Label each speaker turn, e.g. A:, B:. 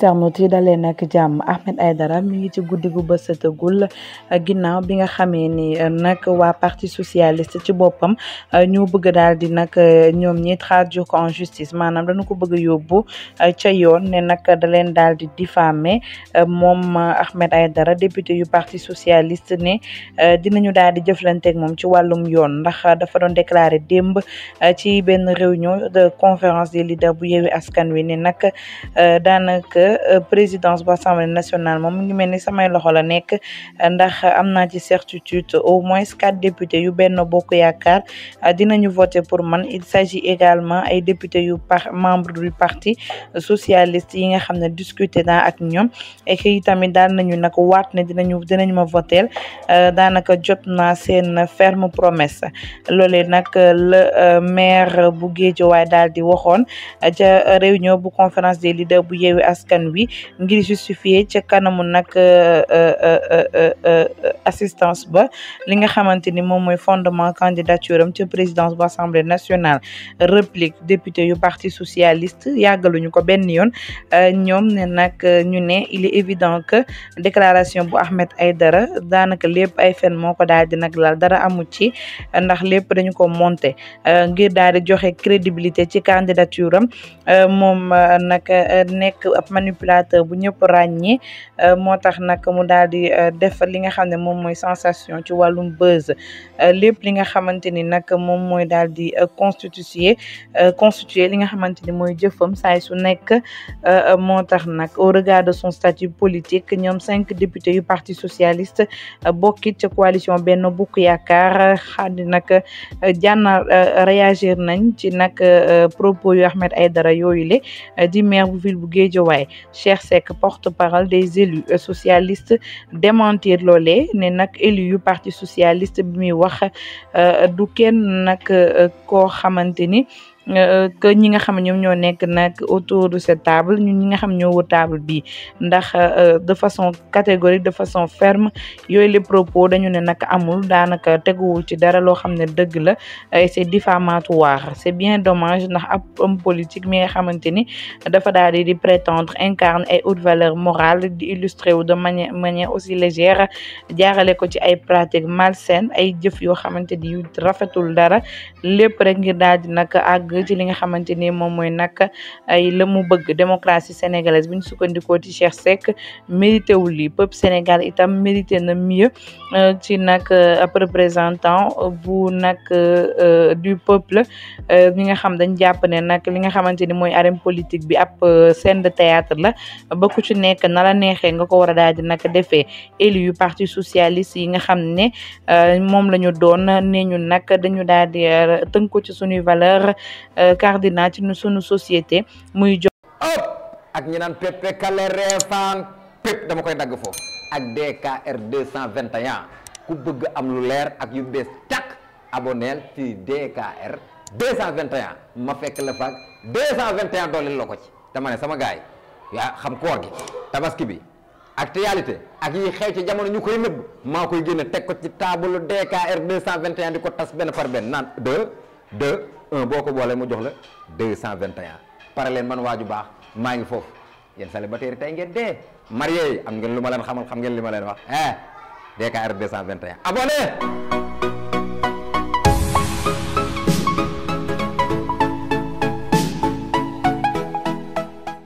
A: internet yi dalee nag jàmm Ahmed Aidara mi ngi ci guddi gu bës setagul ginnaaw bi nga xamee ni euh, nag waa parti socialiste ci boppam euh, ñoo bëgg daal di nag euh, ñoom ñi traduire ko en justice maanaam dañu ko bëgg a yóbbu ca yoon ne nag da leen daal di diffamer moom Ahmed Aidara député yu parti socialiste ne dinañu daal di jëflanteeg moom ci wàllum yoon ndax dafa doon déclaré démb ci benn réunion conférence des leaders bu yewi askan wi ne nag daanaka Euh, présidence bu assemblée nationale moom mu ngi mel ni samay loxo la nekk ndax am na ci certitude au moins quatre députés yu benn bokk yaakaar ñu voter pour man il s'agit également ay députés yu par membre du parti socialiste yi nga xam ne discuter naa ak ñoom et que itamit daal nañu nag waat ne dinañu dinañu ma voter euh, daanaka jot naa seen ferme promesse loolee nag le euh, maire bu waay dal di waxoon ca réunion bu conférence des leaders bu Yewwi Askan askan wi ngir justifier ca kanamu nag euh, euh, euh, assistance ba li nga xamante ni moom mooy fondement candidature am ca présidence bu assemblée nationale réplique député yu parti socialiste yàggaluñu ko benn yoon ñoom ne nag ñu ne il est évident que déclaration bu ay dara daanaka lépp ay fen moo ko daal di nag laal dara amu ci ndax lépp dañu ko monter ngir daal di joxe crédibilité ci candidature am moom nag nekk ab manipulateur bu ñëpp ràññi euh, moo tax nag mu daal di euh, def li nga xam ne moom mooy sensation ci wàllum buzz euh, lépp li nga xamante ni nag moom mooy daal di constitué constitué li nga xamante ni mooy jëfam saay su nekk moo tax nag au regard de son statut politique ñoom cinq députés yu parti socialiste bokkit ca coalition benn bokk yaakaar xaadi nag jànna réagir nañ ci nag propos yu Ahmed Aïdara yooyu le di maire bu ville bu Guédiawaye Cheikh Seck porte-parole des élus euh, socialistes démentir loolee ne nag élus yu parti socialiste bi muy wax euh, du kenn nag euh, koo xamante ni Euh, que ñi nga xam ñoom ñoo nekk nag autour de cette table ñun ñi nga xam ñoo wër table bi ndax euh, de façon catégorique de façon ferme yooyu les propos dañu ne nag amul daanaka teguwul ci dara loo xam ne dëgg la et c'est diffamatoire c'est bien dommage ndax ab homme politique mi nga xamante ni dafa daal di di prétendre incarne ay hautes valeurs morale di illustrer wu de manière manière aussi légère jaarale ko ci ay pratiques malsaines ay jëf yoo xamante ni rafetul dara lépp rek ngir daal di ci li nga xamante ni moom mooy nag ay la mu bëgg démocratie sénégalaise bu ñu sukkandikoo ci Cheikh Seck mérité wul lii peuple Sénégal itam mérité na mieux euh, ci nag euh, ab représentant euh, bu nag du peuple ñi nga xam dañ jàpp ne nag li nga xamante ni mooy arène politique bi ab scène de théâtre la ba ku ci nekk nala la neexee nga ko war a daal di nag defee élu yu parti socialiste yi nga xam ne moom la ñu doon nee ñu nag dañu daal di tënku ci suñuy valeur Euh, cardinal ci sunu societé muy jox
B: ak ñi naan pepe kale reefaan pép dama koy dagg foofu ak DKR 221 ku bëgg am lu leer ak yu bees takk aboneel ci DKR 221 ma fekk la faag 221 dooleel la ko ci dama ne sama gars yi yaa xam koor gi tabaski bi actualité ak yi xew ci jamono ñu koy nëbb maa koy génne teg ko ci taabalu DKR 221 di ko tas benn par benn naan de 2 un boo ko boolee mu jox la deux cent vingt et un pare leen man waaju baax maa ngi foofu yéen célibataire tey ngeen dee marié yi am ngeen lu ma leen xamal xam ngeen li ma leen wax eh DKR deux cent vingt et un